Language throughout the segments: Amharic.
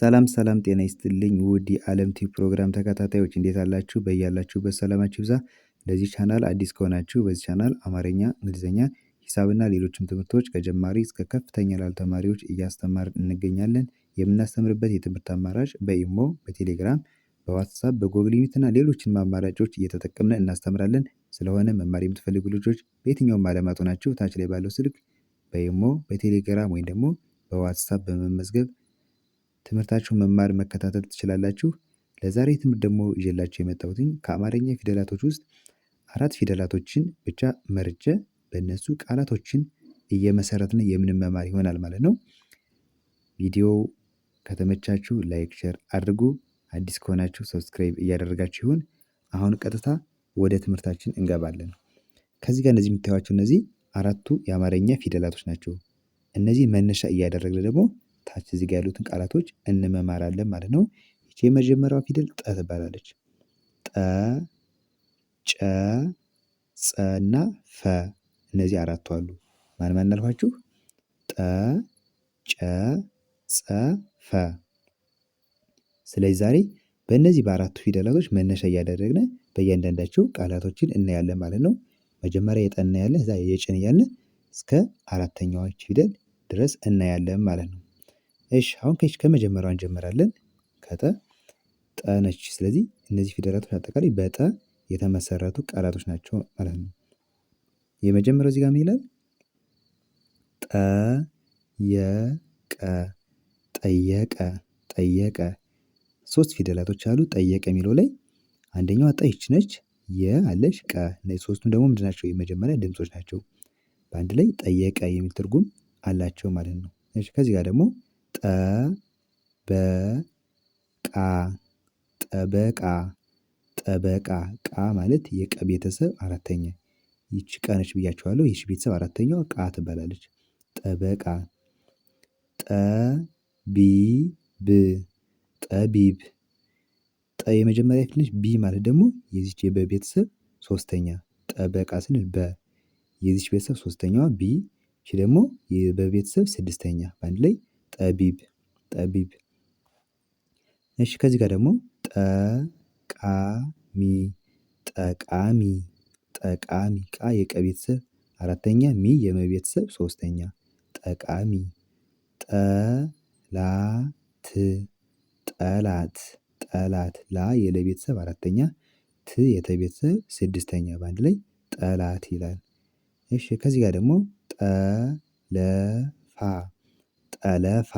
ሰላም ሰላም ጤና ይስጥልኝ ውድ የዓለም ቲቪ ፕሮግራም ተከታታዮች እንዴት አላችሁ? በያላችሁበት ሰላማችሁ ይብዛ። ለዚህ ቻናል አዲስ ከሆናችሁ በዚህ ቻናል አማርኛ፣ እንግሊዝኛ፣ ሂሳብና ሌሎችም ትምህርቶች ከጀማሪ እስከ ከፍተኛ ላሉ ተማሪዎች እያስተማር እንገኛለን። የምናስተምርበት የትምህርት አማራጭ በኢሞ፣ በቴሌግራም፣ በዋትሳፕ፣ በጎግል ሚትና ሌሎችን አማራጮች እየተጠቀምን እናስተምራለን። ስለሆነ መማር የምትፈልጉ ልጆች በየትኛውም ዓለማቱ ናችሁ ታች ላይ ባለው ስልክ በኢሞ፣ በቴሌግራም ወይም ደግሞ በዋትሳፕ በመመዝገብ ትምህርታችሁን መማር መከታተል ትችላላችሁ። ለዛሬ ትምህርት ደግሞ ይዤላችሁ የመጣሁትኝ ከአማርኛ ፊደላቶች ውስጥ አራት ፊደላቶችን ብቻ መርጬ በእነሱ ቃላቶችን እየመሰረትን የምንመማር ይሆናል ማለት ነው። ቪዲዮ ከተመቻችሁ ላይክ ሸር አድርጉ። አዲስ ከሆናችሁ ሰብስክራይብ እያደረጋችሁ ይሁን። አሁን ቀጥታ ወደ ትምህርታችን እንገባለን። ከዚህ ጋር እነዚህ የምታዩቸው እነዚህ አራቱ የአማርኛ ፊደላቶች ናቸው። እነዚህ መነሻ እያደረግን ደግሞ ከታች እዚህ ጋር ያሉትን ቃላቶች እንመማራለን ማለት ነው። ይቺ የመጀመሪያዋ ፊደል ጠ ትባላለች። ጠ ጨ ጸ እና ፈ እነዚህ አራቱ አሉ። ማን ማን እናልኳችሁ? ጠ ጨ ጸ ፈ። ስለዚህ ዛሬ በእነዚህ በአራቱ ፊደላቶች መነሻ እያደረግን በእያንዳንዳቸው ቃላቶችን እናያለን ማለት ነው። መጀመሪያ የጠ እናያለን፣ እዛ የጭን እያልን እስከ አራተኛዎች ፊደል ድረስ እናያለን ማለት ነው። እሺ አሁን ከመጀመሪያ እንጀምራለን ከጠ ጠነች። ስለዚህ እነዚህ ፊደላቶች አጠቃላይ በጠ የተመሰረቱ ቃላቶች ናቸው ማለት ነው። የመጀመሪያው እዚህ ጋር ምን ይላል? ጠየቀ ጠየቀ ጠየቀ። ሶስት ፊደላቶች አሉ ጠየቀ የሚለው ላይ አንደኛዋ ጠይች ይች ነች፣ የ አለች፣ ቀ ሶስቱም ደግሞ ምንድን ናቸው? የመጀመሪያ ድምፆች ናቸው። በአንድ ላይ ጠየቀ የሚል ትርጉም አላቸው ማለት ነው። ከዚህ ጋር ደግሞ ጠበቃ ጠበቃ ጠበቃ ቃ ማለት የቀ ቤተሰብ አራተኛ ይቺ ቃ ነች ብያችኋለሁ ይቺ ቤተሰብ አራተኛዋ ቃ ትባላለች። ጠበቃ ጠቢብ ጠቢብ ጠ የመጀመሪያ ፊደል ነች ቢ ማለት ደግሞ የዚች የበ ቤተሰብ ሶስተኛ ጠበቃ ስንል በ የዚች ቤተሰብ ሶስተኛዋ ቢ ይቺ ደግሞ ቤተሰብ ስድስተኛ በአንድ ላይ ጠቢብ ጠቢብ እሺ ከዚህ ጋር ደግሞ ጠቃሚ ጠቃሚ ጠቃሚ ቃ የቀ ቤተሰብ አራተኛ ሚ የመ ቤተሰብ ሶስተኛ ጠቃሚ ጠላት ጠላት ጠላት ላ የለ ቤተሰብ አራተኛ ት የተ ቤተሰብ ስድስተኛ በአንድ ላይ ጠላት ይላል። እሺ ከዚህ ጋር ደግሞ ጠለፋ ጠለፋ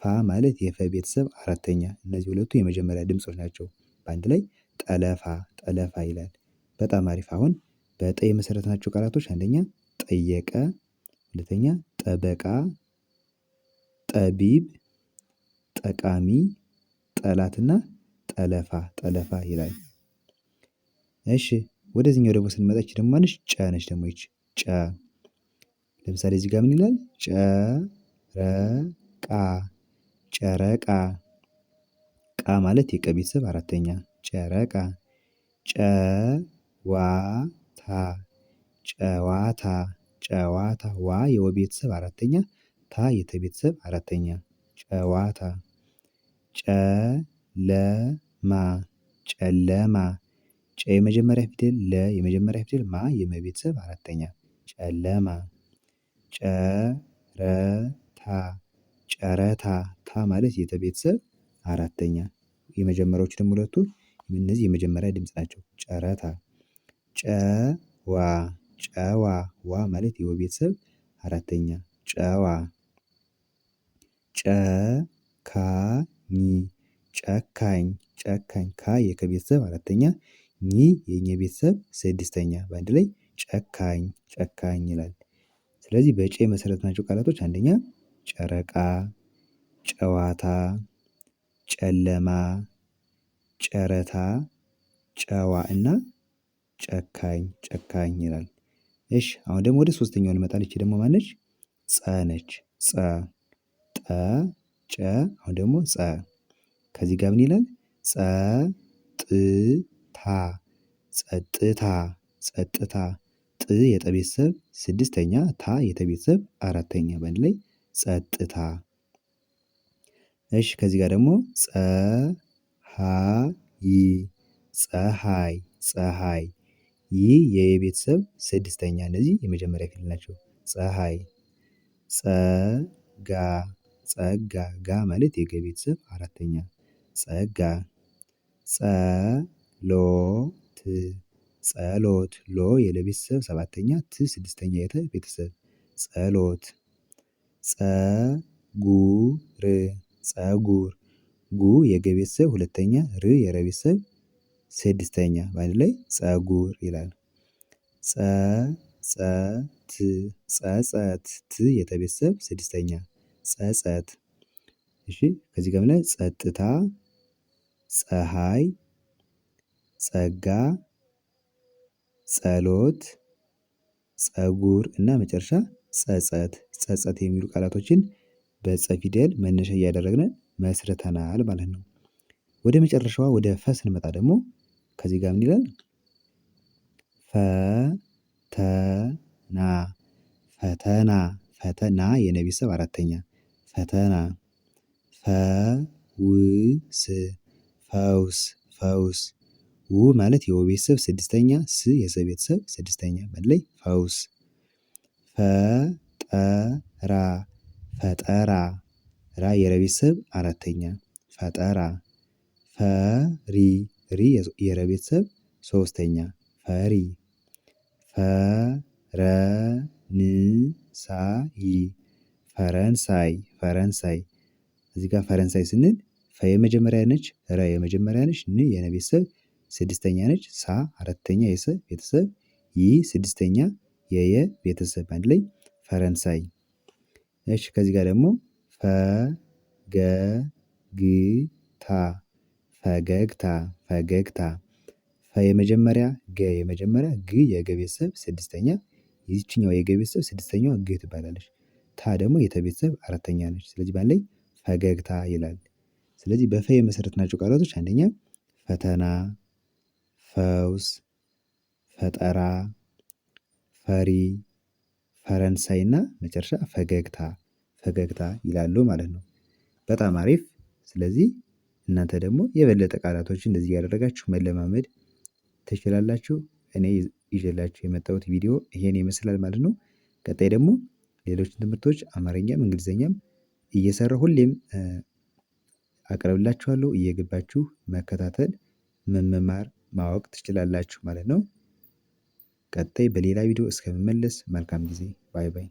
ፋ ማለት የፈ ቤተሰብ አራተኛ እነዚህ ሁለቱ የመጀመሪያ ድምጾች ናቸው። በአንድ ላይ ጠለፋ ጠለፋ ይላል። በጣም አሪፍ። አሁን በጠ የመሰረትናቸው ቃላቶች አንደኛ ጠየቀ፣ ሁለተኛ ጠበቃ፣ ጠቢብ፣ ጠቃሚ፣ ጠላትና ጠለፋ ጠለፋ ይላል። እሺ ወደዚህኛው ደግሞ ስንመጣች ደግሞ ነች ጨ ነች ደግሞ ይች ጨ ለምሳሌ እዚህ ጋር ምን ይላል? ጨ ረቃ ጨረቃ ቃ ማለት የቀ ቤተሰብ አራተኛ ጨረቃ ጨዋታ ጨዋታ ጨዋታ ዋ የወ ቤተሰብ አራተኛ ታ የተ ቤተሰብ አራተኛ ጨዋታ ጨለማ ጨለማ ጨ የመጀመሪያ ፊደል ለ የመጀመሪያ ፊደል ማ የመቤተሰብ አራተኛ ጨለማ ጨረ ታ ጨረታ ታ ማለት የተቤተሰብ አራተኛ የመጀመሪያዎቹ ደግሞ ሁለቱ እነዚህ የመጀመሪያ ድምጽ ናቸው። ጨረታ ጨዋ ጨዋ ዋ ማለት የወ ቤተሰብ አራተኛ ጨዋ ጨካኝ ጨካኝ ጨካኝ ካ የከ ቤተሰብ አራተኛ ኝ የኘ ቤተሰብ ስድስተኛ በአንድ ላይ ጨካኝ ጨካኝ ይላል። ስለዚህ በጨ መሰረት ናቸው ቃላቶች አንደኛ ጨረቃ ጨዋታ ጨለማ ጨረታ ጨዋ እና ጨካኝ ጨካኝ ይላል። እሺ አሁን ደግሞ ወደ ሶስተኛው እንመጣለን ይቺ ደግሞ ማነች? ነች? ፀ ነች ፀ ጠ ጨ አሁን ደግሞ ፀ ከዚህ ጋር ምን ይላል? ፀ ጥ ታ ጸጥታ ጸጥታ ጥ የጠ ቤተሰብ ስድስተኛ ታ የተ ቤተሰብ አራተኛ በአንድ ላይ ጸጥታ። እሺ ከዚህ ጋር ደግሞ ፀሀይ ፀሀይ ፀሀይ ይህ የቤተሰብ ስድስተኛ እነዚህ የመጀመሪያ ክፍል ናቸው። ፀሀይ ጸጋ ጸጋ ጋ ማለት የገ ቤተሰብ አራተኛ ጸጋ ጸሎት ጸሎት ሎ የለ ቤተሰብ ሰባተኛ ት ስድስተኛ የተ ቤተሰብ ጸሎት ጸጉር ጸጉር ጉ የገ ቤተሰብ ሁለተኛ ር የረ ቤተሰብ ስድስተኛ በአንድ ላይ ጸጉር ይላል። ጸጸት ጸጸት ት የተ ቤተሰብ ስድስተኛ ጸጸት። እሺ ከዚህ ጋር ላይ ጸጥታ ፀሀይ ጸጋ ጸሎት ጸጉር እና መጨረሻ ጸጸት ጸጸት የሚሉ ቃላቶችን በጸ ፊደል መነሻ እያደረግን መስርተናል ማለት ነው። ወደ መጨረሻዋ ወደ ፈ ስንመጣ ደግሞ ከዚህ ጋር ምን ይላል? ፈተና ፈተና ፈተና የነ ቤተሰብ አራተኛ ፈተና ፈውስ ፈውስ ፈውስ ው ማለት የወ ቤተሰብ ስድስተኛ ስ የሰ ቤተሰብ ስድስተኛ በላይ ፈውስ ፈጠራ ፈጠራ ራ የረቤተሰብ አራተኛ ፈጠራ ፈሪ ሪ የረቤተሰብ ሶስተኛ ፈሪ ፈረንሳይ ፈረንሳይ ፈረንሳይ እዚህ ጋር ፈረንሳይ ስንል ፈ የመጀመሪያ ነች ረ የመጀመሪያ ነች ን የነ ቤተሰብ ስድስተኛ ነች ሳ አራተኛ የሰ ቤተሰብ ይ ስድስተኛ የየ ቤተሰብ አንድ ላይ ፈረንሳይ። እሺ ከዚህ ጋር ደግሞ ፈገግታ ፈገግታ ፈገግታ ፈ የመጀመሪያ ገ የመጀመሪያ ግ የገ ቤተሰብ ስድስተኛ ይችኛው የገ ቤተሰብ ስድስተኛዋ ግ ትባላለች። ታ ደግሞ የተቤተሰብ አራተኛ ነች። ስለዚህ ባንድ ላይ ፈገግታ ይላል። ስለዚህ በፈ ናቸው ቃላቶች አንደኛ ፈተና፣ ፈውስ፣ ፈጠራ ፈሪ ፈረንሳይና መጨረሻ ፈገግታ ፈገግታ ይላሉ ማለት ነው። በጣም አሪፍ ስለዚህ እናንተ ደግሞ የበለጠ ቃላቶች እንደዚህ ያደረጋችሁ መለማመድ ትችላላችሁ። እኔ ይዤላችሁ የመጣሁት ቪዲዮ ይሄን ይመስላል ማለት ነው። ቀጣይ ደግሞ ሌሎችን ትምህርቶች አማርኛም እንግሊዝኛም እየሰራ ሁሌም አቅርብላችኋለሁ። እየገባችሁ መከታተል መማር ማወቅ ትችላላችሁ ማለት ነው። ቀጣይ በሌላ ቪዲዮ እስከምመለስ መልካም ጊዜ ባይ ባይ